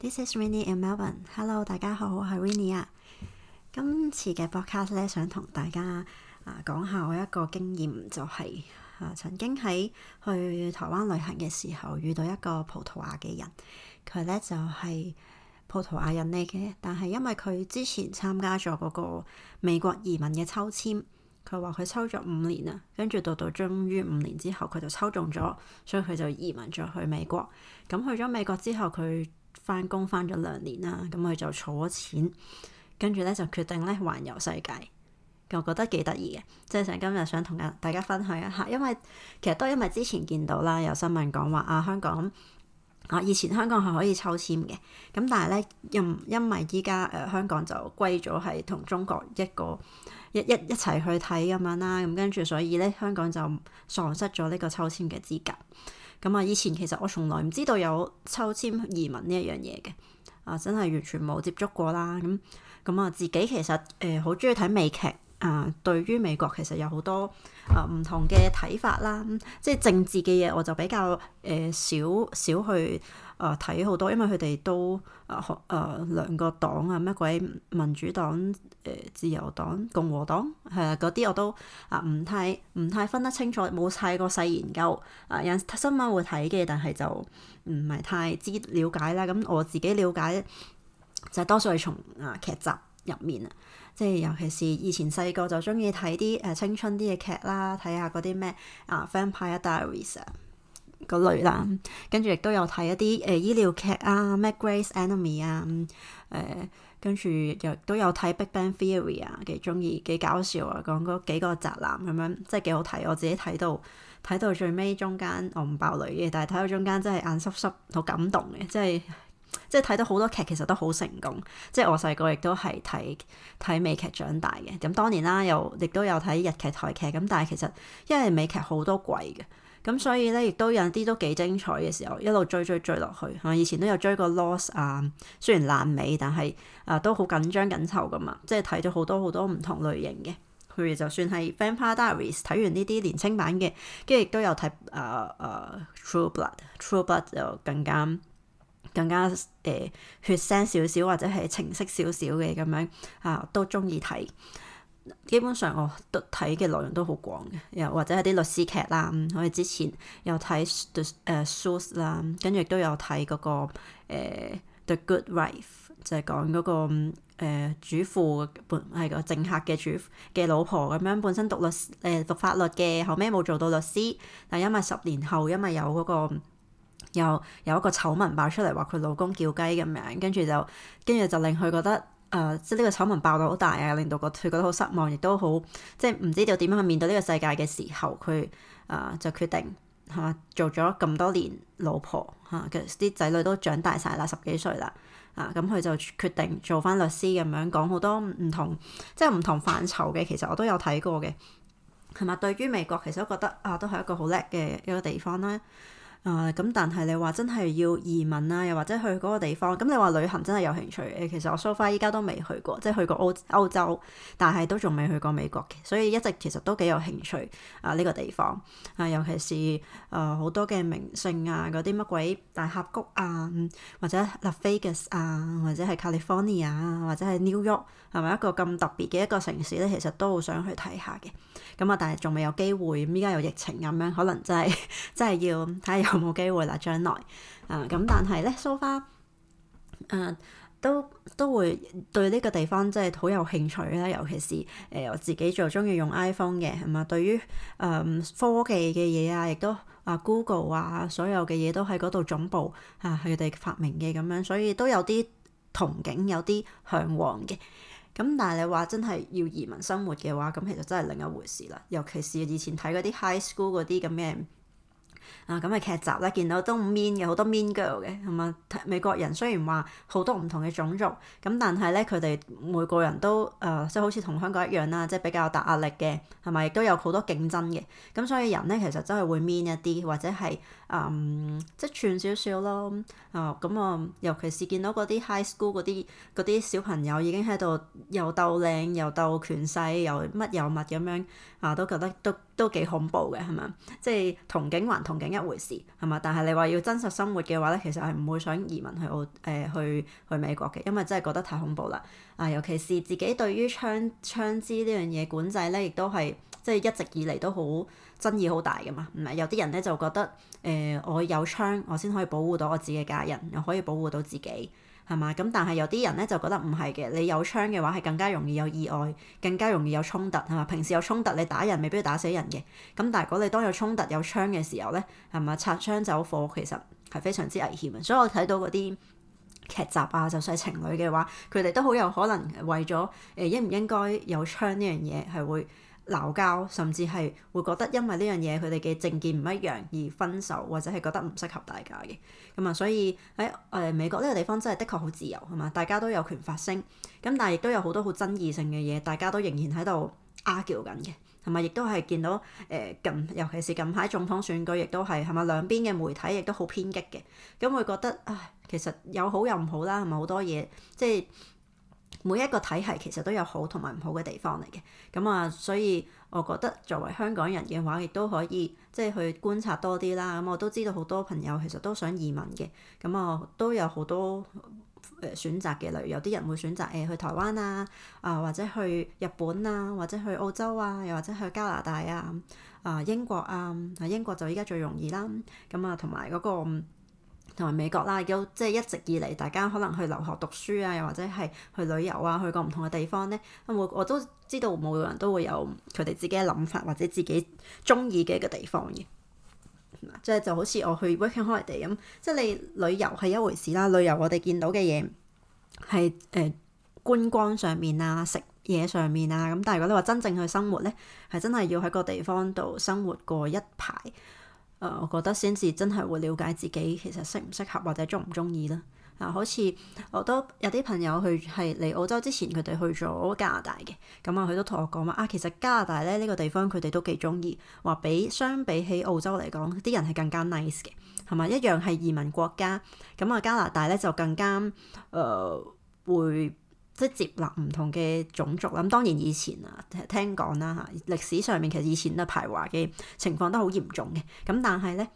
This is Winnie and Melvin. Hello，大家好，我係 Winnie 啊。今次嘅播客咧，想同大家啊、呃、講下我一個經驗，就係、是、啊、呃、曾經喺去台灣旅行嘅時候，遇到一個葡萄牙嘅人，佢咧就係、是、葡萄牙人嚟嘅，但係因為佢之前參加咗嗰個美國移民嘅抽籤，佢話佢抽咗五年啊，跟住到到終於五年之後，佢就抽中咗，所以佢就移民咗去美國。咁去咗美國之後，佢翻工翻咗兩年啦，咁佢就儲咗錢，跟住咧就決定咧環遊世界。我覺得幾得意嘅，即係想今日想同大家分享一下，因為其實都因為之前見到啦，有新聞講話啊香港啊以前香港係可以抽籤嘅，咁但係咧因因為依家誒香港就歸咗係同中國一個一一一齊去睇咁樣啦，咁跟住所以咧香港就喪失咗呢個抽籤嘅資格。咁啊！以前其實我從來唔知道有抽籤移民呢一樣嘢嘅，啊真係完全冇接觸過啦。咁、啊、咁啊，自己其實誒好中意睇美劇。啊，對於美國其實有好多啊唔同嘅睇法啦，即係政治嘅嘢我就比較誒、呃、少少去啊睇好多，因為佢哋都啊啊兩個黨啊乜鬼民主黨誒、呃、自由黨共和黨係啊，嗰啲我都啊唔太唔太分得清楚，冇太過細研究啊，有陣時新聞會睇嘅，但係就唔係太知瞭解啦。咁我自己了解就是，多數係從啊劇集入面啊。即係尤其是以前細個就中意睇啲誒青春啲嘅劇啦，睇下嗰啲咩啊《Vampire Diaries、啊》嗰類啦，跟住亦都有睇一啲誒、呃、醫療劇啊《咩 Grey's Anatomy》啊，誒、嗯嗯、跟住又都有睇《Big Bang Theory》啊，幾中意幾搞笑啊，講嗰幾個宅男咁樣，即係幾好睇。我自己睇到睇到最尾中間我唔爆雷嘅，但係睇到中間真係眼濕濕好感動嘅，即係。即係睇到好多劇其實都好成功，即係我細個亦都係睇睇美劇長大嘅，咁當然啦又亦都有睇日劇、台劇，咁但係其實因為美劇好多季嘅，咁所以呢，亦都有啲都幾精彩嘅時候一路追追追落去，我以前都有追過《Lost》啊，雖然爛尾，但係啊都好緊張緊湊噶嘛，即係睇咗好多好多唔同類型嘅，譬如就算係《Vampire Diaries》啊，睇完呢啲年青版嘅，跟住亦都有睇啊啊《True Blood》，《True Blood》就更加。更加誒、呃、血腥少少或者係情色少少嘅咁樣啊，都中意睇。基本上我都睇嘅內容都好廣嘅，又或者係啲律師劇啦。我哋之前有睇 The、呃、Suits 啦，跟住都有睇嗰、那個誒、呃、The Good Wife，就係講嗰個誒、呃、主婦本係個政客嘅主嘅老婆咁樣，本身讀律誒、呃、讀法律嘅，後尾冇做到律師，但因為十年後因為有嗰、那個。有有一個醜聞爆出嚟，話佢老公叫雞咁樣，跟住就跟住就令佢覺得誒、呃，即係呢個醜聞爆到好大啊，令到佢覺得好失望，亦都好即係唔知道點樣去面對呢個世界嘅時候，佢誒、呃、就決定係嘛、啊，做咗咁多年老婆嚇，其實啲仔女都長大晒啦，十幾歲啦啊，咁、嗯、佢就決定做翻律師咁樣，講好多唔同即係唔同範疇嘅，其實我都有睇過嘅，係嘛？對於美國其實我覺得啊，都係一個好叻嘅一個地方啦。啊，咁、嗯、但係你話真係要移民啦、啊，又或者去嗰個地方，咁、嗯、你話旅行真係有興趣嘅。其實我 so far 依家都未去過，即係去過歐歐洲，但係都仲未去過美國嘅，所以一直其實都幾有興趣啊呢、這個地方啊，尤其是啊好、呃、多嘅名勝啊，嗰啲乜鬼大峽谷啊，或者 Las Vegas 啊，或者係 California 啊，或者係 New York 係咪一個咁特別嘅一個城市咧？其實都好想去睇下嘅。咁、嗯、啊，但係仲未有機會，咁依家有疫情咁樣，可能真係 真係要睇下。有冇機會啦？將來啊，咁但係咧，蘇花誒都都會對呢個地方真係好有興趣咧。尤其是誒我自己就中意用 iPhone 嘅，係嘛？對於誒、呃、科技嘅嘢啊，亦都啊 Google 啊，所有嘅嘢都喺嗰度總部啊，佢哋發明嘅咁樣，所以都有啲憧憬，有啲向往嘅。咁但係你話真係要移民生活嘅話，咁其實真係另一回事啦。尤其是以前睇嗰啲 High School 嗰啲咁嘅。啊咁嘅劇集咧，見到都 mean 嘅好多 mean girl 嘅咁啊。美國人雖然話好多唔同嘅種族，咁、嗯、但係咧佢哋每個人都誒，即、呃、係好似同香港一樣啦，即係比較大壓力嘅，係咪亦都有好多競爭嘅咁、嗯，所以人咧其實真係會 mean 一啲或者係。嗯，um, 即係串少少咯，啊咁啊，尤其是見到嗰啲 high school 嗰啲嗰啲小朋友已經喺度又鬥靚，又鬥權勢，又乜又乜咁樣，啊都覺得都都幾恐怖嘅，係咪？即係同境還同境一回事，係咪？但係你話要真實生活嘅話咧，其實係唔會想移民去澳誒、呃、去去美國嘅，因為真係覺得太恐怖啦。啊，尤其是自己對於槍槍支呢樣嘢管制咧，亦都係。即係一直以嚟都好爭議，好大㗎嘛。唔係有啲人咧就覺得誒、呃，我有槍我先可以保護到我自己嘅家人，又可以保護到自己係嘛。咁但係有啲人咧就覺得唔係嘅，你有槍嘅話係更加容易有意外，更加容易有衝突係嘛。平時有衝突你打人未必打死人嘅。咁但係如果你當有衝突有槍嘅時候咧，係嘛擦槍走火其實係非常之危險嘅。所以我睇到嗰啲劇集啊，就算係情侶嘅話，佢哋都好有可能為咗誒、呃、應唔應該有槍呢樣嘢係會鬧交，甚至係會覺得因為呢樣嘢佢哋嘅政見唔一樣而分手，或者係覺得唔適合大家嘅。咁、嗯、啊，所以喺誒、哎呃、美國呢個地方真係的，的確好自由係嘛，大家都有權發聲。咁但係亦都有好多好爭議性嘅嘢，大家都仍然喺度嗌緊嘅。係咪亦都係見到誒近、呃，尤其是近排總統選舉，亦都係係咪兩邊嘅媒體亦都好偏激嘅？咁、嗯、會覺得唉，其實有好有唔好啦，係咪好多嘢即係？每一個體系其實都有好同埋唔好嘅地方嚟嘅，咁啊，所以我覺得作為香港人嘅話，亦都可以即係去觀察多啲啦。咁啊，我都知道好多朋友其實都想移民嘅，咁啊都有好多誒選擇嘅，例如有啲人會選擇誒去台灣啊，啊或者去日本啊，或者去澳洲啊，又或者去加拿大啊，啊英國啊，英國就依家最容易啦。咁啊，同埋嗰個。同埋美國啦，有即係一直以嚟，大家可能去留學讀書啊，又或者係去旅遊啊，去過唔同嘅地方咧，我我都知道每個人都會有佢哋自己嘅諗法，或者自己中意嘅一個地方嘅。即係就好似我去 Working Holiday 咁，即係你旅遊係一回事啦。旅遊我哋見到嘅嘢係誒觀光上面啊，食嘢上面啊，咁但係如果你話真正去生活咧，係真係要喺個地方度生活過一排。誒、呃，我覺得先至真係會了解自己，其實適唔適合或者中唔中意啦。啊、呃，好似我都有啲朋友去係嚟澳洲之前，佢哋去咗加拿大嘅，咁啊，佢都同我講話，啊，其實加拿大咧呢、呢個地方佢哋都幾中意，話比相比起澳洲嚟講，啲人係更加 nice 嘅，係咪一樣係移民國家？咁啊，加拿大咧就更加誒、呃、會。即係接納唔同嘅種族啦。咁當然以前啊，聽講啦嚇，歷史上面其實以前都係排華嘅情況都好嚴重嘅。咁但係咧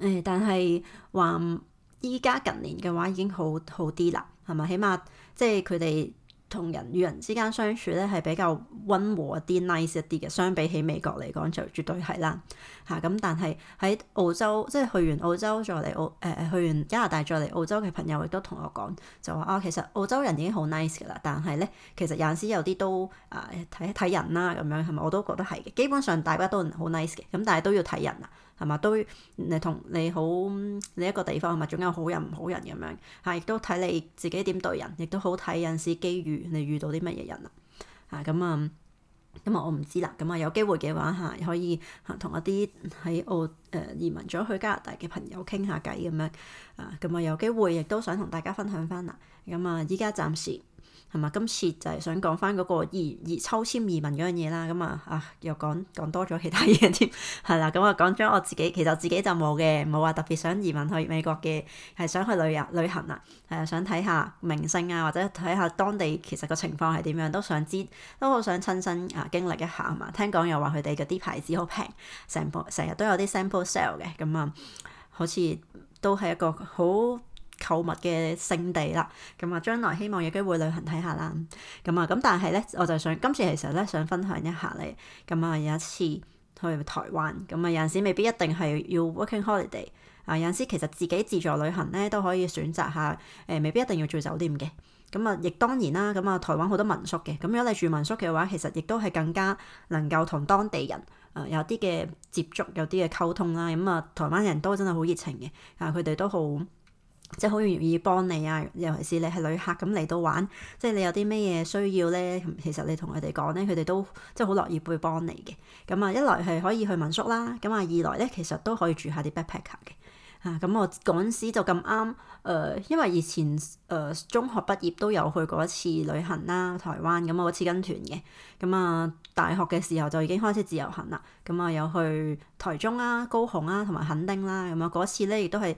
誒，但係話依家近年嘅話已經好好啲啦，係咪？起碼即係佢哋。同人與人之間相處咧，係比較溫和啲、nice 一啲嘅。相比起美國嚟講，就絕對係啦嚇。咁、啊、但係喺澳洲，即係去完澳洲再嚟澳誒、呃，去完加拿大再嚟澳洲嘅朋友，亦都同我講，就話啊，其實澳洲人已經好 nice 嘅啦。但係咧，其實有時有啲都啊睇睇人啦、啊，咁樣係咪？我都覺得係嘅。基本上大家都好 nice 嘅，咁但係都要睇人啊。係嘛？都誒同你好你一個地方係咪？總有好人唔好人咁樣嚇，亦都睇你自己點對人，亦都好睇有陣時機遇，你遇到啲乜嘢人啊咁啊咁啊，我唔知啦。咁啊，有機會嘅話嚇，可以同一啲喺澳誒移民咗去加拿大嘅朋友傾下偈咁樣啊。咁啊，有機會亦都想同大家分享翻啦。咁啊，依家暫時。係嘛？今次就係想講翻嗰個移移抽籤移民嗰樣嘢啦。咁啊啊，又講講多咗其他嘢添。係啦、啊，咁啊講咗我自己，其實我自己就冇嘅，冇話特別想移民去美國嘅，係想去旅遊旅行啊，係啊想睇下名勝啊，或者睇下當地其實個情況係點樣，都想知，都好想親身啊經歷一下啊嘛。聽講又話佢哋嗰啲牌子好平，成部成日都有啲 sample sale 嘅，咁啊，好似都係一個好購物嘅聖地啦，咁啊，將來希望有機會旅行睇下啦。咁啊，咁但係呢，我就想今次其實呢，想分享一下咧。咁啊，有一次去台灣，咁啊有陣時未必一定係要 working holiday 啊。有陣時其實自己自助旅行呢，都可以選擇下誒，未必一定要住酒店嘅。咁啊，亦當然啦，咁啊台灣好多民宿嘅。咁如果你住民宿嘅話，其實亦都係更加能夠同當地人啊有啲嘅接觸，有啲嘅溝通啦。咁啊，台灣人都真係好熱情嘅啊，佢哋都好。即係好願意幫你啊！尤其是你係旅客咁嚟到玩，即係你有啲咩嘢需要咧，其實你同佢哋講咧，佢哋都即係好樂意會幫你嘅。咁啊，一來係可以去民宿啦，咁啊二來咧，其實都可以住下啲 backpacker 嘅嚇。咁、啊、我嗰陣時就咁啱，誒、呃，因為以前誒、呃、中學畢業都有去過一次旅行啦、啊，台灣咁我嗰次跟團嘅，咁啊。大學嘅時候就已經開始自由行啦，咁、嗯、啊有去台中啊、高雄啊同埋墾丁啦，咁啊嗰、嗯、次咧亦都係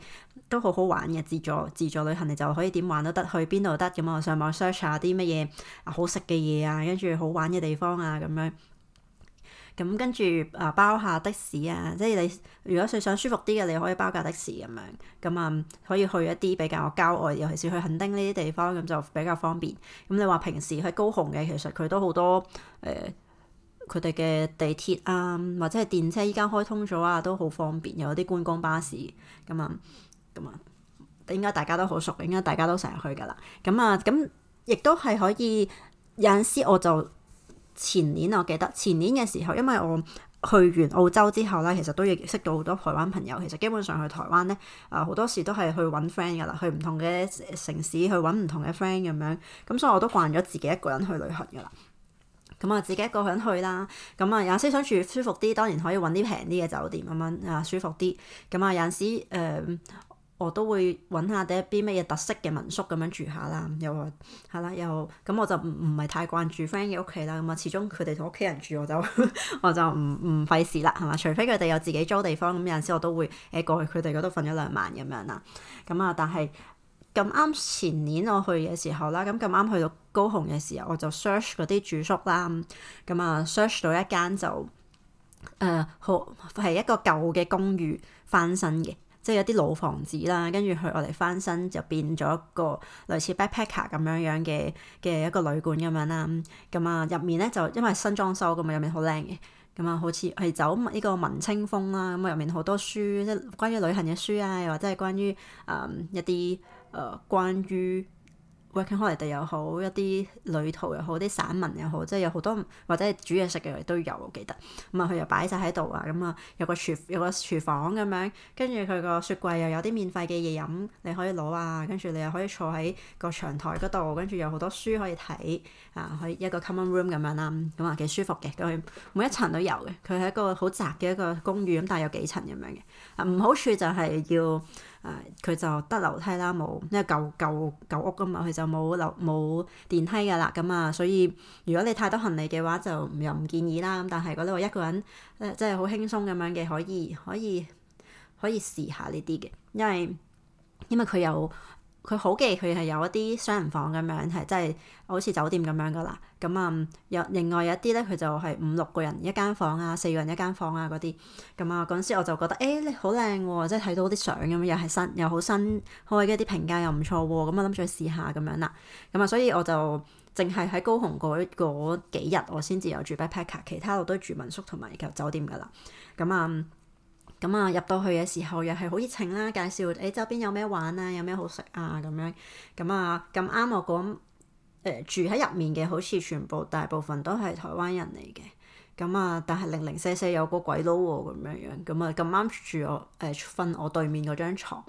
都好好玩嘅自助自助旅行，你就可以點玩都得，去邊度都得咁、嗯、我上網 search 下啲乜嘢啊好食嘅嘢啊，跟住好玩嘅地方啊咁樣。咁跟住啊包下的士啊，即係你如果你想舒服啲嘅，你可以包架的士咁樣，咁啊、嗯、可以去一啲比較郊外，尤其是去墾丁呢啲地方咁就比較方便。咁、嗯、你話平時去高雄嘅，其實佢都好多誒。呃佢哋嘅地鐵啊，或者係電車依家開通咗啊，都好方便。有啲觀光巴士咁啊，咁啊，應該大家都好熟，應該大家都成日去噶啦。咁啊，咁亦都係可以有陣時，我就前年我記得前年嘅時候，因為我去完澳洲之後呢，其實都亦識到好多台灣朋友。其實基本上去台灣呢，啊好多時都係去揾 friend 噶啦，去唔同嘅城市去揾唔同嘅 friend 咁樣。咁所以我都慣咗自己一個人去旅行噶啦。咁啊，自己一個人去啦。咁啊，有陣時想住舒服啲，當然可以揾啲平啲嘅酒店咁樣啊，舒服啲。咁啊，有陣時誒、呃，我都會揾下啲一啲咩嘢特色嘅民宿咁樣住下啦。又係啦，又咁我就唔唔係太慣住 friend 嘅屋企啦。咁啊，始終佢哋同屋企人住，我就 我就唔唔費事啦，係嘛？除非佢哋有自己租地方，咁有陣時我都會誒過去佢哋嗰度瞓咗兩晚咁樣啦。咁啊，但係，咁啱前年我去嘅時候啦，咁咁啱去到高雄嘅時候，我就 search 嗰啲住宿啦，咁啊 search 到一間就誒、呃、好係一個舊嘅公寓翻新嘅，即係一啲老房子啦，跟住佢我哋翻新就變咗一個類似 backpacker 咁樣樣嘅嘅一個旅館咁樣啦，咁啊入面咧就因為新裝修嘅嘛，入面、嗯、好靚嘅，咁啊好似係走呢個文青風啦，咁啊，入面好多書，即係關於旅行嘅書啊，又或者係關於啊、嗯、一啲。誒、呃，關於 working holiday 又好，一啲旅途又好，啲散文又好，即係有好多或者係煮嘢食嘅都有，我記得咁啊，佢、嗯、又擺晒喺度啊，咁、嗯、啊有個廚有個廚房咁樣，跟住佢個雪櫃又有啲免費嘅嘢飲，你可以攞啊，跟住你又可以坐喺個陽台嗰度，跟住有好多書可以睇啊，可以一個 common room 咁樣啦，咁啊幾舒服嘅，佢、嗯、每一層都有嘅，佢係一個好窄嘅一個公寓咁，但係有幾層咁樣嘅啊，唔好處就係要。要誒佢就得樓梯啦，冇因為舊舊舊屋噶嘛，佢就冇樓冇電梯噶啦咁啊，所以如果你太多行李嘅話，就唔又唔建議啦。咁但係如果你話一個人即係好輕鬆咁樣嘅，可以可以可以試下呢啲嘅，因為因為佢有。佢好嘅，佢係有一啲雙人房咁樣，係即係好似酒店咁樣噶啦。咁、嗯、啊，有另外有一啲咧，佢就係五六個人一間房啊，四個人一間房啊嗰啲。咁、嗯、啊，嗰陣時我就覺得，誒、欸，好靚喎、哦，即係睇到啲相咁樣，又係新，又好新開嘅啲評價又唔錯喎、哦。咁、嗯、我諗住去試下咁樣啦。咁、嗯、啊，所以我就淨係喺高雄嗰嗰幾日，我先至有住 backpacker，其他我都住民宿同埋舊酒店噶啦。咁、嗯、啊。咁啊，入到去嘅時候又係好熱情啦，介紹誒周、欸、邊有咩玩啊，有咩好食啊咁樣。咁啊，咁啱我講誒、呃、住喺入面嘅，好似全部大部分都係台灣人嚟嘅。咁啊，但係零零舍舍有個鬼佬喎咁樣樣。咁啊，咁啱住我誒瞓、呃、我對面嗰張床。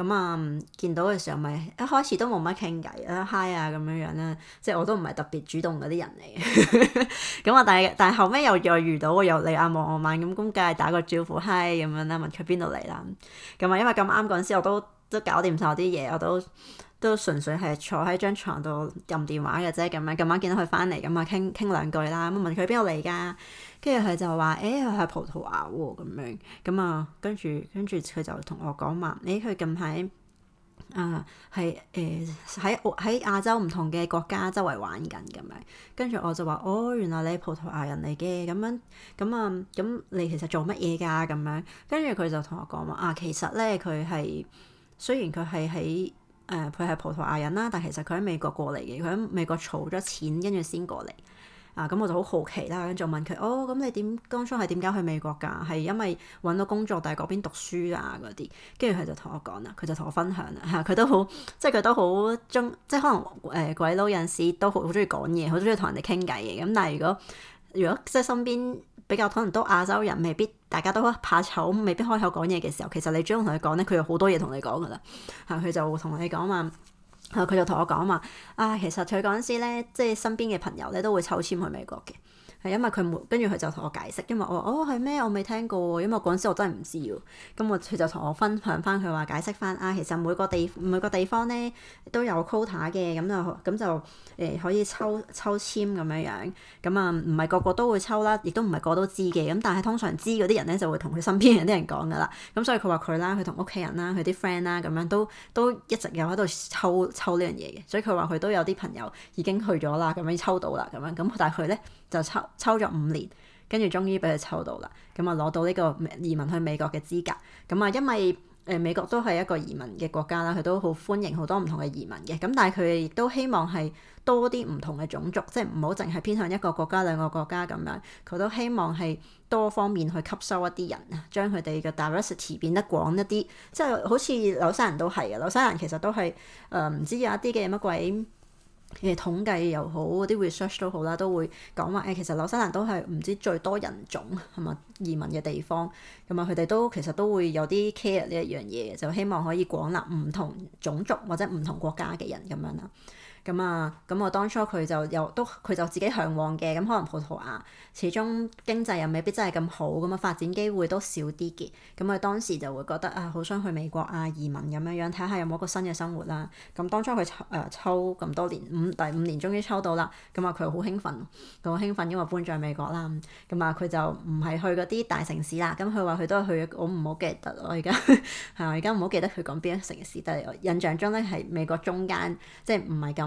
咁啊、嗯，見到嘅時候咪一開始都冇乜傾偈啊嗨啊咁樣樣啦，即係我都唔係特別主動嗰啲人嚟。咁 啊，但係但係後尾又再遇到，又你眼望我眼，咁咁梗係打個招呼嗨，咁、啊、樣啦，問佢邊度嚟啦。咁啊，因為咁啱嗰陣時我都都搞掂晒我啲嘢，我都。都純粹係坐喺張床度撳電話嘅啫，咁樣咁晚見到佢翻嚟咁啊，傾傾兩句啦。咁問佢邊度嚟㗎？跟住佢就話：誒、欸，佢係葡萄牙喎。咁樣咁啊，嗯、跟住跟住佢就同我講話，咦、欸？佢近排啊，係誒喺喺亞洲唔同嘅國家周圍玩緊咁樣。跟住我就話：哦，原來你係葡萄牙人嚟嘅咁樣咁啊，咁、嗯、你其實做乜嘢㗎咁樣？跟住佢就同我講話，啊，其實咧佢係雖然佢係喺。誒佢係葡萄牙人啦，但其實佢喺美國過嚟嘅，佢喺美國儲咗錢，跟住先過嚟啊！咁我就好好奇啦，跟住問佢：哦，咁你點？當初係點解去美國㗎？係因為揾到工作，定係嗰邊讀書啊嗰啲？跟住佢就同我講啦，佢就同我分享啦，佢、啊、都好，即係佢都好中，即係可能誒、呃、鬼佬有陣時都好中意講嘢，好中意同人哋傾偈嘅。咁但係如果如果即係身邊。比較可能都亞洲人未必大家都怕醜，未必開口講嘢嘅時候，其實你主動同佢講咧，佢有好多嘢同你講噶啦。啊，佢就同你講嘛，啊，佢就同我講嘛，啊，其實佢嗰陣時咧，即係身邊嘅朋友咧都會抽簽去美國嘅。係因為佢冇，跟住佢就同我解釋，因為我話哦係咩？我未聽過喎，因為嗰陣時我真係唔知喎。咁我佢就同我分享翻，佢話解釋翻啊，其實每個地每個地方呢都有 quota 嘅，咁就咁就誒可以抽抽籤咁樣樣。咁啊唔係個個都會抽啦，亦都唔係個個都知嘅。咁但係通常知嗰啲人呢，就會同佢身邊啲人講㗎喇。咁所以佢話佢啦，佢同屋企人啦，佢啲 friend 啦，咁樣都都一直有喺度抽抽呢樣嘢嘅。所以佢話佢都有啲朋友已經去咗啦，咁樣抽到啦，咁樣咁但係佢呢。就抽抽咗五年，跟住終於俾佢抽到啦。咁啊攞到呢個移民去美國嘅資格。咁啊，因為誒、呃、美國都係一個移民嘅國家啦，佢都好歡迎好多唔同嘅移民嘅。咁但係佢亦都希望係多啲唔同嘅種族，即係唔好淨係偏向一個國家兩個國家咁樣。佢都希望係多方面去吸收一啲人啊，將佢哋嘅 diversity 變得廣一啲。即係好似紐西蘭都係啊，紐西蘭其實都係誒唔知有一啲嘅乜鬼。誒統計又好，嗰啲 research 都好啦，都會講話誒，其實紐西蘭都係唔知最多人種係咪移民嘅地方，咁啊佢哋都其實都會有啲 care 呢一樣嘢，就希望可以廣納唔同種族或者唔同國家嘅人咁樣啦。咁啊，咁我當初佢就又都佢就自己向往嘅，咁可能葡萄牙始終經濟又未必真係咁好，咁啊發展機會都少啲嘅，咁佢當時就會覺得啊，好想去美國啊移民咁樣樣，睇下有冇一個新嘅生活啦，啊。咁當初佢誒抽咁、呃、多年五第五年終於抽到啦，咁啊佢好興奮，好興奮，因為搬咗去美國啦。咁啊佢就唔係去嗰啲大城市啦，咁佢話佢都係去，我唔好記得我而家係啊，而家唔好記得佢講邊一個城市，但係我印象中咧係美國中間，即係唔係咁。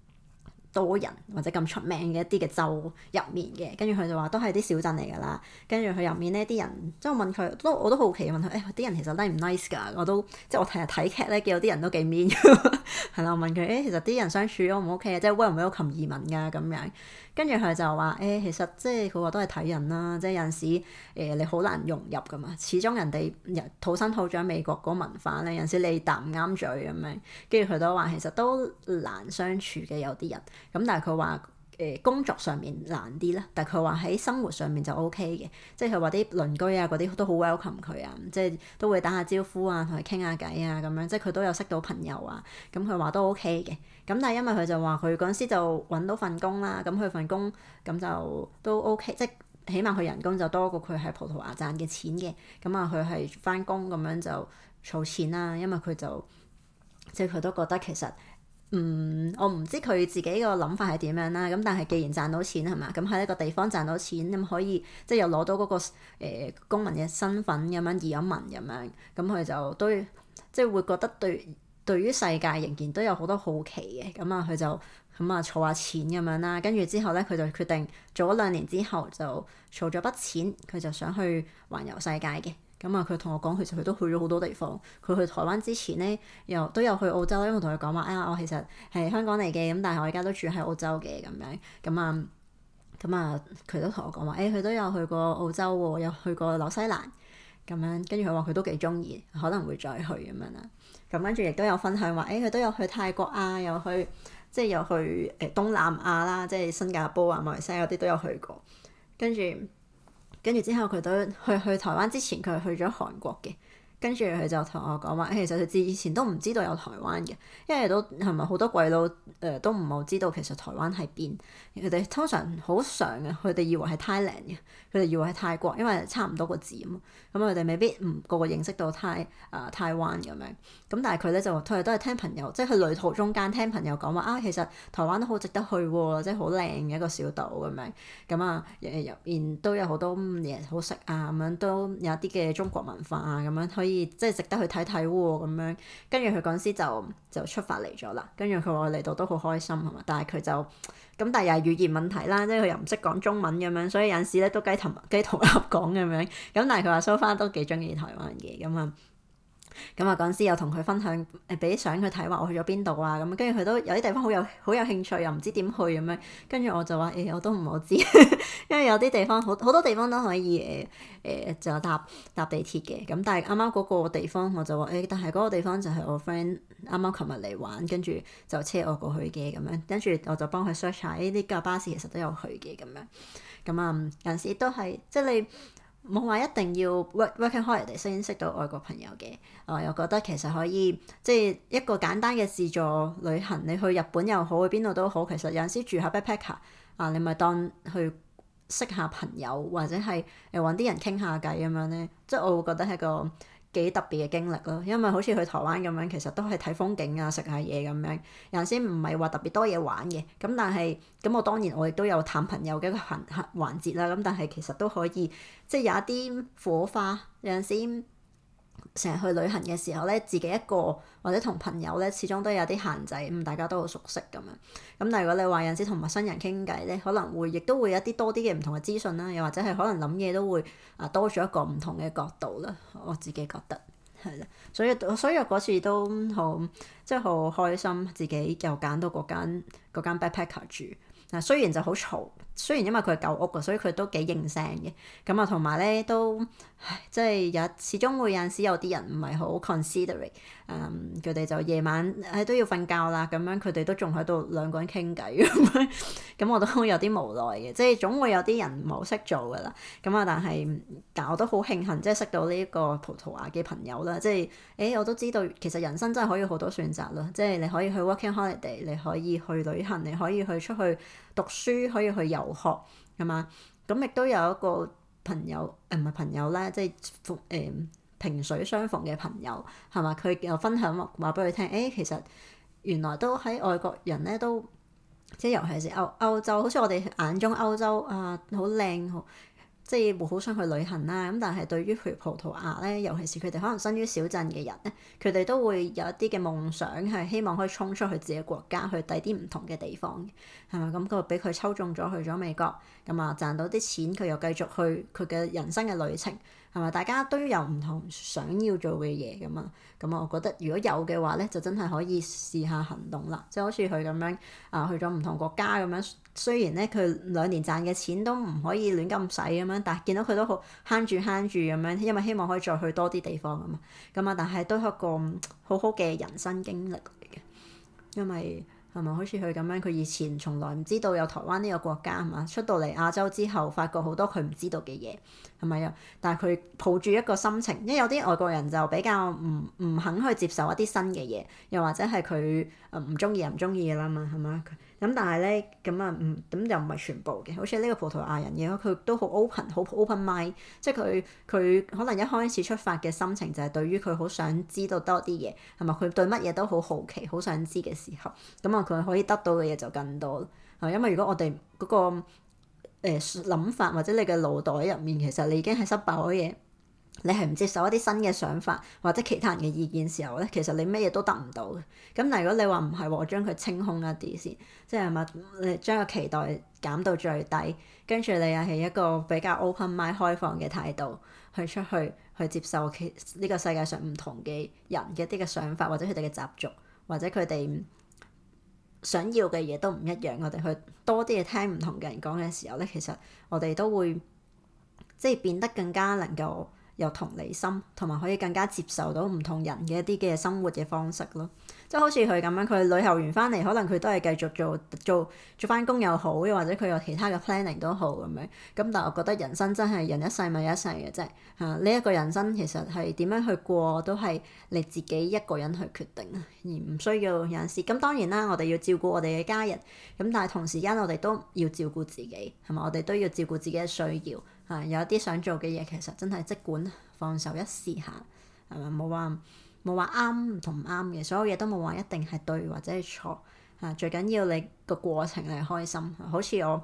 多人或者咁出名嘅一啲嘅州入面嘅，跟住佢就話都係啲小鎮嚟㗎啦。跟住佢入面呢啲人，即係我問佢，都我都好奇問佢，誒、哎、啲人其實 nice 唔 nice 㗎？我都即係我成日睇劇呢，見到啲人都幾 mean 係啦。我問佢，誒、欸、其實啲人相處 O 唔 O K 啊？即係會唔會有羣移民㗎咁樣？跟住佢就話，誒其實即係佢話都係睇人啦，即係有陣時誒你好難融入㗎嘛。始終人哋土生土長美國嗰文化呢，有陣時你搭唔啱嘴咁樣。跟住佢都話，其實都難相處嘅有啲人。咁但係佢話誒工作上面難啲啦，但係佢話喺生活上面就 O K 嘅，即係佢話啲鄰居啊嗰啲都好 welcome 佢啊，即係都會打下招呼啊，同佢傾下偈啊咁樣，即係佢都有識到朋友啊，咁佢話都 O K 嘅。咁但係因為佢就話佢嗰陣時就揾到份工啦，咁佢份工咁就都 O K，即係起碼佢人工就多過佢喺葡萄牙賺嘅錢嘅。咁啊，佢係翻工咁樣就儲錢啦，因為佢就即係佢都覺得其實。嗯，我唔知佢自己個諗法係點樣啦。咁但係既然賺到錢係嘛，咁喺一個地方賺到錢咁可以，即係又攞到嗰個誒公民嘅身份咁樣移民咁樣，咁佢就都即係會覺得對對於世界仍然都有好多好奇嘅。咁啊，佢就咁啊儲下錢咁樣啦。跟住之後咧，佢就決定做咗兩年之後就儲咗筆錢，佢就想去環遊世界嘅。咁啊，佢同我講，其實佢都去咗好多地方。佢去台灣之前咧，又都有去澳洲，因為我同佢講話，啊、哎，我其實係香港嚟嘅，咁但係我而家都住喺澳洲嘅咁樣。咁啊，咁啊，佢都同我講話，誒，佢都有去過澳洲喎，有去過紐西蘭咁樣。跟住佢話佢都幾中意，可能會再去咁樣啦。咁跟住亦都有分享話，誒、欸，佢都有去泰國啊，又去即係又去誒東南亞啦，即係新加坡啊、馬來西亞嗰啲都有去過。跟住。跟住之後，佢都去去台灣之前，佢去咗韓國嘅。跟住佢就同我講話，其實佢之前都唔知道有台灣嘅，因為都係咪好多鬼佬誒都唔好知道其實台灣係邊？佢哋通常好常嘅，佢哋以為係 Thailand 嘅，佢哋以為係泰國，因為差唔多個字啊嘛。咁佢哋未必唔個,個個認識到泰啊、泰、呃、台灣咁樣。咁但係佢咧就佢都係聽朋友，即係去旅途中間聽朋友講話啊，其實台灣都好值得去喎，即係好靚嘅一個小島咁樣。咁啊誒入邊都有好多嘢好食啊，咁樣都有一啲嘅中國文化啊，咁樣可以。即係值得去睇睇喎，咁樣。跟住佢嗰陣時就就出發嚟咗啦。跟住佢話我嚟到都好開心係嘛，但係佢就咁，但係又係語言問題啦，即係佢又唔識講中文咁樣，所以有陣時咧都雞同雞同鴨講咁樣。咁但係佢話蘇花都幾中意台灣嘅咁啊。咁啊，嗰陣時又同佢分享，誒，俾啲相佢睇，話我去咗邊度啊。咁跟住佢都有啲地方好有好有興趣，又唔知點去咁樣。跟住我就話，誒、欸，我都唔係好知。 跟住有啲地方好好多地方都可以誒誒、欸、就搭搭地鐵嘅咁，但係啱啱嗰個地方我就話誒、欸，但係嗰個地方就係我 friend 啱啱琴日嚟玩，跟住就車我過去嘅咁樣，跟住我就幫佢 search 下，呢、欸、架、這個、巴士其實都有去嘅咁樣。咁啊、嗯，有陣時都係即係你冇話一定要 working work holiday 先識到外國朋友嘅，呃，我又覺得其實可以即係一個簡單嘅自助旅行，你去日本又好，去邊度都好，其實有陣時住下 backpacker 啊，你咪當去。識下朋友或者係誒揾啲人傾下偈咁樣呢，即我會覺得係個幾特別嘅經歷咯。因為好似去台灣咁樣，其實都係睇風景啊、食下嘢咁樣。有陣時唔係話特別多嘢玩嘅，咁但係咁我當然我亦都有探朋友嘅一個環環環節啦。咁但係其實都可以即有一啲火花，有陣時。成日去旅行嘅時候咧，自己一個或者同朋友咧，始終都有啲限制。嗯，大家都好熟悉咁樣。咁但係如果你話有時同陌生人傾偈咧，可能會亦都會有一啲多啲嘅唔同嘅資訊啦，又或者係可能諗嘢都會啊多咗一個唔同嘅角度啦。我自己覺得係啦，所以所以我嗰次都好即係好開心，自己又揀到嗰間嗰間 backpacker 住嗱，但雖然就好嘈。雖然因為佢係舊屋嘅，所以佢都幾認聲嘅。咁啊，同埋咧都唉即係有，始終會有陣時有啲人唔係好 considerate。誒、嗯，佢哋就夜晚誒、哎、都要瞓覺啦。咁樣佢哋都仲喺度兩個人傾偈咁樣。咁我都有啲無奈嘅，即係總會有啲人唔係好識做噶啦。咁啊，但係但係我都好慶幸，即係識到呢一個葡萄牙嘅朋友啦。即係誒、欸，我都知道其實人生真係可以好多選擇囉。即係你可以去 working holiday，你可以去旅行，你可以去出去讀書，可以去遊學，係嘛？咁亦都有一個朋友，唔、啊、係朋友咧，即係逢誒萍水相逢嘅朋友係嘛？佢又分享話，話俾佢聽，誒、欸，其實原來都喺外國人咧，都即係尤其是歐歐洲，好似我哋眼中歐洲啊，好靚好。即係會好想去旅行啦，咁但係對於譬如葡萄牙咧，尤其是佢哋可能生於小鎮嘅人咧，佢哋都會有一啲嘅夢想，係希望可以衝出去自己國家，去第啲唔同嘅地方，係嘛？咁佢俾佢抽中咗去咗美國，咁啊賺到啲錢，佢又繼續去佢嘅人生嘅旅程，係嘛？大家都有唔同想要做嘅嘢噶嘛，咁、啊、我覺得如果有嘅話咧，就真係可以試下行動啦，即係好似佢咁樣啊，去咗唔同國家咁樣。雖然咧，佢兩年賺嘅錢都唔可以亂咁使咁樣，但係見到佢都好慳住慳住咁樣，因為希望可以再去多啲地方咁啊，咁啊，但係都係一個好好嘅人生經歷嚟嘅。因為係咪好似佢咁樣？佢以前從來唔知道有台灣呢個國家，係咪？出到嚟亞洲之後，發覺好多佢唔知道嘅嘢係咪啊？但係佢抱住一個心情，因為有啲外國人就比較唔唔肯去接受一啲新嘅嘢，又或者係佢唔中意又唔中意啦嘛，係咪啊？咁但係咧，咁啊唔，咁又唔係全部嘅。好似呢個葡萄牙人嘅，佢都好 open，好 open mind，即係佢佢可能一開始出發嘅心情就係對於佢好想知道多啲嘢，同埋佢對乜嘢都好好奇，好想知嘅時候，咁啊佢可以得到嘅嘢就更多。啊，因為如果我哋嗰個誒諗法或者你嘅腦袋入面，其實你已經係塞爆咗嘢。你係唔接受一啲新嘅想法，或者其他人嘅意見時候咧，其實你咩嘢都得唔到。咁，但係，如果你話唔係喎，將佢清空一啲先，即係乜？你將個期待減到最低，跟住你又係一個比較 open mind 開放嘅態度去出去去接受其呢、呢個世界上唔同嘅人嘅一啲嘅想法，或者佢哋嘅習俗，或者佢哋想要嘅嘢都唔一樣。我哋去多啲去聽唔同嘅人講嘅時候咧，其實我哋都會即係變得更加能夠。有同理心，同埋可以更加接受到唔同人嘅一啲嘅生活嘅方式咯。即好似佢咁樣，佢旅行完翻嚟，可能佢都係繼續做做做翻工又好，又或者佢有其他嘅 planning 都好咁樣。咁但係我覺得人生真係人一世咪一世嘅啫。嚇呢一個人生其實係點樣去過，都係你自己一個人去決定，而唔需要有陣時。咁當然啦，我哋要照顧我哋嘅家人。咁但係同時間我哋都要照顧自己，係咪？我哋都要照顧自己嘅需要。啊，有一啲想做嘅嘢，其實真係即管放手一試一下，係咪？冇話冇話啱同唔啱嘅，所有嘢都冇話一定係對或者係錯。啊，最緊要你個過程係開心。好似我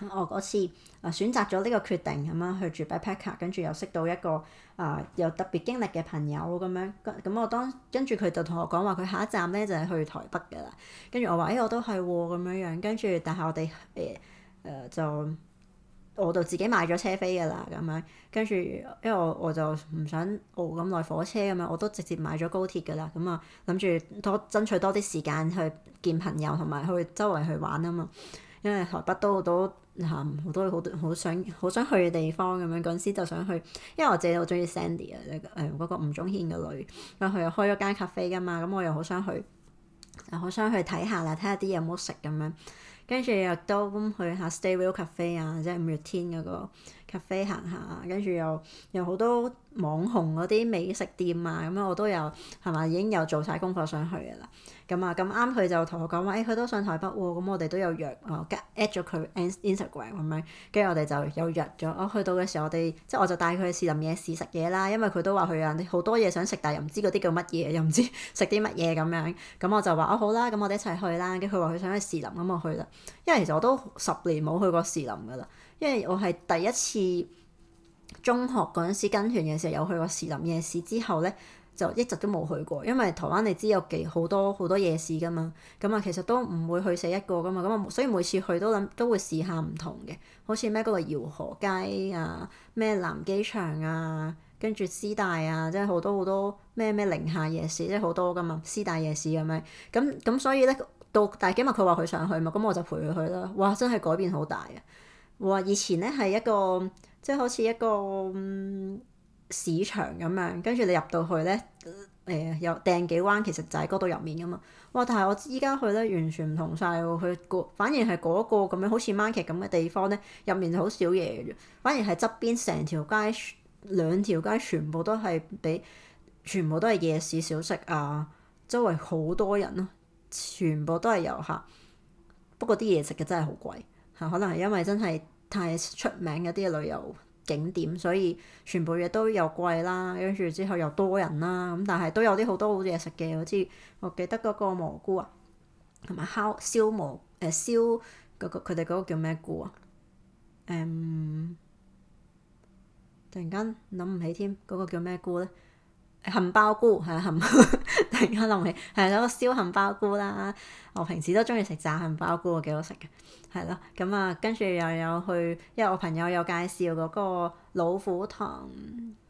我嗰次啊選擇咗呢個決定咁樣去住 backpacker，跟住又識到一個啊有特別經歷嘅朋友咁樣。咁我當跟住佢就同我講話，佢下一站咧就係去台北㗎啦。跟住我話，誒，我都係喎，咁樣樣。跟住，但係我哋誒誒就。我就自己買咗車飛噶啦，咁、嗯、樣跟住，因為我我就唔想熬咁耐火車咁樣，我都直接買咗高鐵噶啦，咁啊諗住多爭取多啲時間去見朋友同埋去周圍去玩啊嘛，因為台北都好多嚇好多好多好想好想去嘅地方咁樣，嗰陣時就想去，因為我自己好、呃那個、中意 Sandy 啊，誒嗰個吳宗憲個女，咁佢又開咗間 cafe 噶嘛，咁、嗯、我又好想去，好想去睇下啦，睇下啲嘢有冇食咁樣。跟住又多咁去下 Staywell Cafe 啊，即係五月天嗰個。咖啡行下，跟住又又好多網紅嗰啲美食店啊，咁樣我都有係嘛，已經有做晒功課想去噶啦。咁啊咁啱佢就同我講話，誒、欸、佢都上台北喎，咁、哦、我哋都有約啊、哦、加 at 咗佢 Instagram 咁樣，跟住我哋就有約咗。我去到嘅時候，我哋即我就帶佢去士林夜市食嘢啦，因為佢都話佢有好多嘢想食，但係又唔知嗰啲叫乜嘢，又唔知食啲乜嘢咁樣。咁我就話哦好啦，咁我哋一齊去啦。跟住佢話佢想去士林，咁我去啦。因為其實我都十年冇去過士林噶啦。因為我係第一次中學嗰陣時跟團嘅時候，有去過士林夜市，之後呢就一直都冇去過。因為台灣你知有幾好多好多夜市噶嘛，咁啊，其實都唔會去死一個噶嘛。咁啊，所以每次去都諗都會試下唔同嘅，好似咩嗰個饒河街啊，咩南機場啊，跟住師大啊，即係好多好多咩咩寧夏夜市，即係好多噶嘛。師大夜市咁樣咁咁，所以呢，到但今日佢話佢想去嘛，咁我就陪佢去啦。哇！真係改變好大啊～哇！以前咧係一個即係好似一個、嗯、市場咁樣，跟住你入到去咧，誒有掟幾彎，其實就喺嗰度入面噶嘛。哇！但係我依家去咧完全唔同晒喎，佢、嗰個反而係嗰個咁樣好似 market 咁嘅地方咧，入面就好少嘢嘅，反而係側邊成條街兩條街全部都係俾全部都係夜市小食啊，周圍好多人咯，全部都係遊客。不過啲嘢食嘅真係好貴。嚇，可能係因為真係太出名嗰啲旅遊景點，所以全部嘢都又貴啦，跟住之後又多人啦，咁但係都有啲好多好嘢食嘅，好似我記得嗰個蘑菇啊，同埋烤燒蘑誒、呃、燒嗰個佢哋嗰個叫咩菇啊？誒、um，突然間諗唔起添，嗰、嗰個叫咩菇咧？杏鮑菇係啊，杏鮑菇。 大家留意，係嗰、那個燒杏鮑菇啦。我平時都中意食炸杏鮑菇，幾好食嘅。係咯，咁、嗯、啊，跟住又有去，因為我朋友有介紹嗰個老虎堂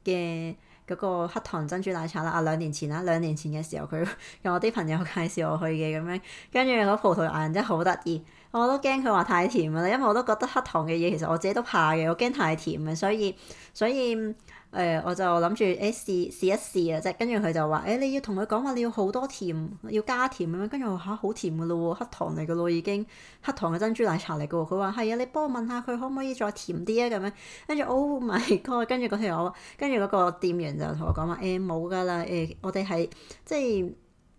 嘅嗰個黑糖珍珠奶茶啦。啊，兩年前啦，兩年前嘅時候佢由我啲朋友介紹我去嘅咁樣，跟住個葡萄牙人真係好得意。我都驚佢話太甜啦，因為我都覺得黑糖嘅嘢其實我自己都怕嘅，我驚太甜啊，所以所以。誒、哎，我就諗住誒試試一試啊，即跟住佢就話誒、哎，你要同佢講話，你要好多甜，要加甜咁樣。跟住我話吓好、啊、甜噶咯，黑糖嚟噶咯已經，黑糖嘅珍珠奶茶嚟嘅喎。佢話係啊，你幫我問下佢可唔可以再甜啲啊咁樣。跟住 oh my god，跟住嗰條友，跟住嗰個店員就同、哎哎、我講話誒冇噶啦，誒我哋係即係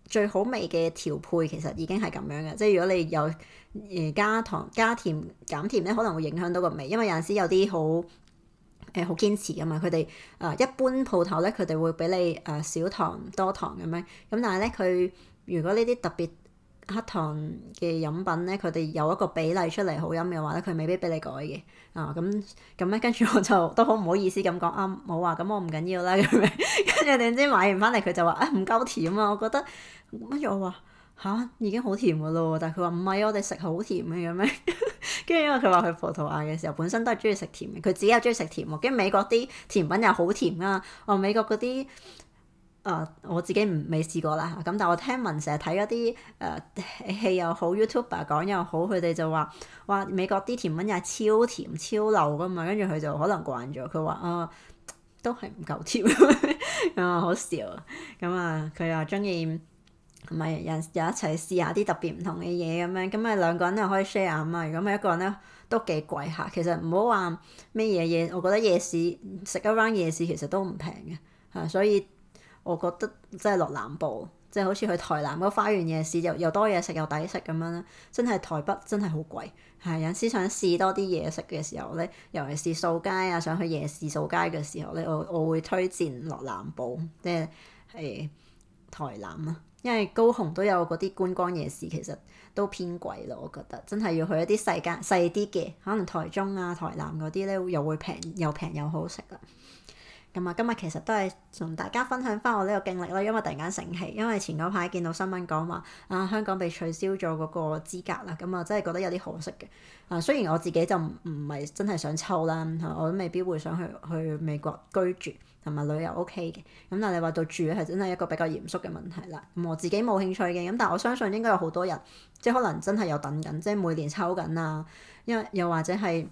最好味嘅調配，其實已經係咁樣嘅。即係如果你有誒、呃、加糖、加甜、減甜咧，可能會影響到個味，因為有陣時有啲好。係好、嗯、堅持噶嘛，佢哋誒一般鋪頭呢，佢哋會俾你誒少、呃、糖多糖咁樣。咁但係呢，佢如果呢啲特別黑糖嘅飲品呢，佢哋有一個比例出嚟好飲嘅話呢，佢未必俾你改嘅、哦。啊，咁咁咧，跟住我就都好唔好意思咁講啱冇話，咁我唔緊要啦咁樣。跟住點知買完翻嚟佢就話啊唔夠甜啊，我覺得跟住我話。啊吓，已經好甜噶咯，但係佢話唔係，我哋食好甜嘅咁樣。跟 住因為佢話去葡萄牙嘅時候，本身都係中意食甜嘅，佢自己又中意食甜。跟住美國啲甜品又好甜啊，哦美國嗰啲，誒、呃、我自己唔未試過啦。咁但我聽聞成日睇嗰啲誒戲又好，YouTube 講又好，佢哋就話哇美國啲甜品又係超甜超流噶嘛。跟住佢就可能慣咗，佢話啊都係唔夠甜，咁 啊、嗯、好笑啊。咁啊佢又中意。唔係，有有一齊試下啲特別唔同嘅嘢咁樣，咁啊兩個人又可以 share 啊嘛。如果咪一個人呢都幾貴下，其實唔好話咩嘢嘢。我覺得夜市食一 round 夜市其實都唔平嘅嚇，所以我覺得真係落南部，即係好似去台南嗰個花園夜市，又又多嘢食又抵食咁樣咧。真係台北真係好貴係。有時想試多啲嘢食嘅時候呢，尤其是掃街啊，想去夜市掃街嘅時候呢，我我會推薦落南部，即係誒台南啦。因為高雄都有嗰啲觀光夜市，其實都偏貴咯，我覺得真係要去一啲細間細啲嘅，可能台中啊、台南嗰啲咧又會平又平又好食啦。咁、嗯、啊，今日其實都係同大家分享翻我呢個經歷啦，因為突然間醒起，因為前嗰排見到新聞講話啊香港被取消咗嗰個資格啦，咁、嗯、啊真係覺得有啲可惜嘅。啊雖然我自己就唔係真係想抽啦，我都未必會想去去美國居住。同埋旅遊 OK 嘅，咁但係你話到住係真係一個比較嚴肅嘅問題啦。咁我自己冇興趣嘅，咁但我相信應該有好多人，即係可能真係有等緊，即係每年抽緊啊，因為又或者係。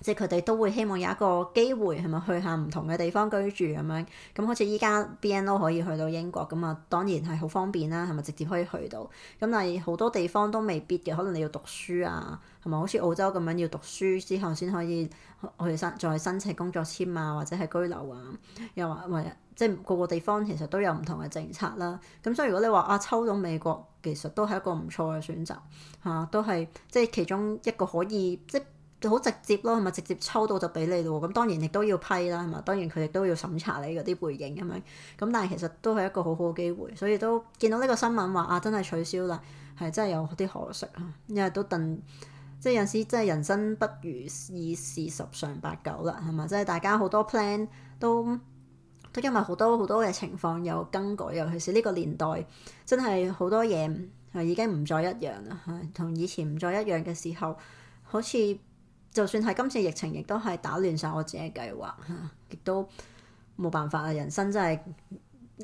即係佢哋都會希望有一個機會係咪去下唔同嘅地方居住咁樣？咁好似依家 BNO 可以去到英國咁啊，當然係好方便啦，係咪直接可以去到？咁但係好多地方都未必嘅，可能你要讀書啊，係咪？好似澳洲咁樣要讀書之後先可以去申再申請工作簽啊，或者係居留啊？又或或者即係個個地方其實都有唔同嘅政策啦。咁所以如果你話啊抽到美國，其實都係一個唔錯嘅選擇係啊，都係即係其中一個可以即就好直接咯，係咪直接抽到就俾你咯？咁當然亦都要批啦，係咪？當然佢亦都要審查你嗰啲背景咁樣。咁但係其實都係一個好好嘅機會，所以都見到呢個新聞話啊，真係取消啦，係真係有啲可惜啊！因為都等，即係有陣時，即係人生不如意事十常八九啦，係咪？即係大家好多 plan 都都因為好多好多嘅情況有更改，尤其是呢個年代真係好多嘢係已經唔再一樣啦，同以前唔再一樣嘅時候，好似。就算係今次疫情，亦都係打亂晒我自己嘅計劃，亦、啊、都冇辦法啊！人生真係，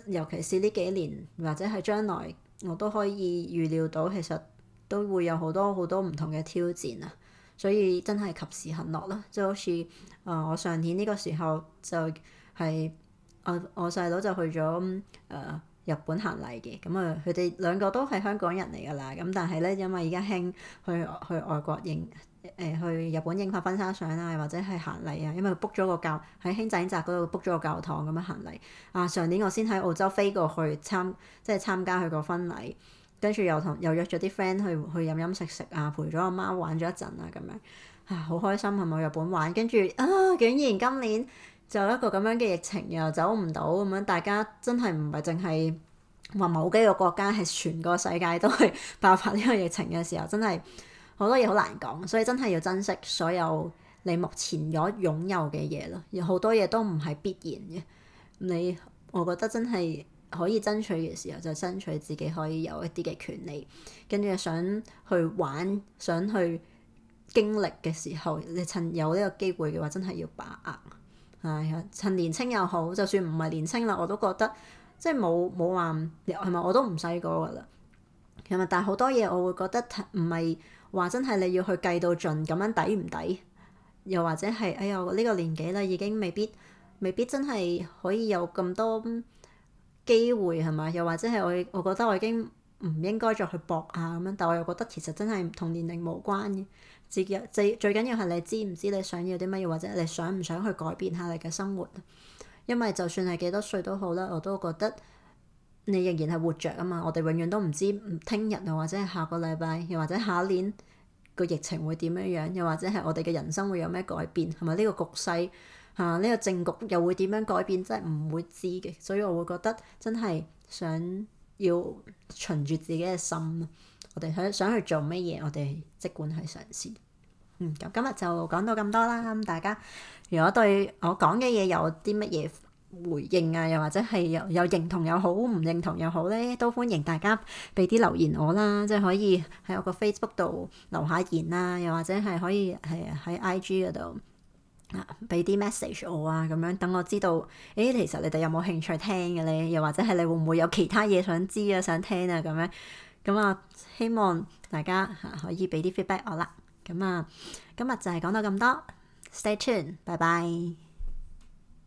尤其是呢幾年或者係將來，我都可以預料到，其實都會有好多好多唔同嘅挑戰啊！所以真係及時行樂啦，就好似啊，我上年呢個時候就係、是、啊，我細佬就去咗誒日本行禮嘅，咁、嗯、啊，佢哋兩個都係香港人嚟㗎喇，咁、嗯、但係呢，因為而家興去去，去外國影。誒去日本影花婚紗相啦，啊，或者係行禮啊，因為佢 book 咗個教喺輕井澤嗰度 book 咗個教堂咁樣行禮。啊，上年我先喺澳洲飛過去參，即係參加佢個婚禮，跟住又同又約咗啲 friend 去去飲飲食食啊，陪咗阿媽玩咗一陣啊，咁樣啊，好開心係咪去日本玩，跟住啊竟然今年就一個咁樣嘅疫情又走唔到咁樣，大家真係唔係淨係話某幾個國家係全個世界都係爆發呢個疫情嘅時候，真係。好多嘢好難講，所以真係要珍惜所有你目前所擁有嘅嘢咯。好多嘢都唔係必然嘅。你我覺得真係可以爭取嘅時候，就爭取自己可以有一啲嘅權利，跟住想去玩、想去經歷嘅時候，你趁有呢個機會嘅話，真係要把握。係啊，趁年輕又好，就算唔係年輕啦，我都覺得即係冇冇話係咪我都唔細個噶啦，係咪？但係好多嘢我會覺得唔係。話真係你要去計到盡咁樣抵唔抵？又或者係哎呀呢個年紀啦，已經未必未必真係可以有咁多機會，係咪？又或者係我我覺得我已經唔應該再去搏下咁樣，但我又覺得其實真係同年齡無關嘅，最緊要最最緊要係你知唔知你想要啲乜嘢，或者你想唔想去改變下你嘅生活。因為就算係幾多歲都好啦，我都覺得。你仍然係活着啊嘛！我哋永遠都唔知唔聽日啊，或者係下個禮拜，又或者下一年個疫情會點樣樣，又或者係我哋嘅人生會有咩改變，係咪呢個局勢嚇？呢個政局又會點樣改變？真係唔會知嘅，所以我會覺得真係想要循住自己嘅心，我哋想想去做乜嘢，我哋即管去嘗試。嗯，咁今日就講到咁多啦。咁大家如果對我講嘅嘢有啲乜嘢，回應啊，又或者係有有認同又好，唔認同又好咧，都歡迎大家俾啲留言我啦，即係可以喺我個 Facebook 度留下言啦，又或者係可以係喺 IG 嗰度啊俾啲 message 我啊，咁樣等我知道，誒、欸，其實你哋有冇興趣聽嘅咧？又或者係你會唔會有其他嘢想知啊、想聽啊咁樣？咁啊，希望大家吓、啊、可以俾啲 feedback 我啦。咁啊，今日就係講到咁多，Stay tuned，拜拜。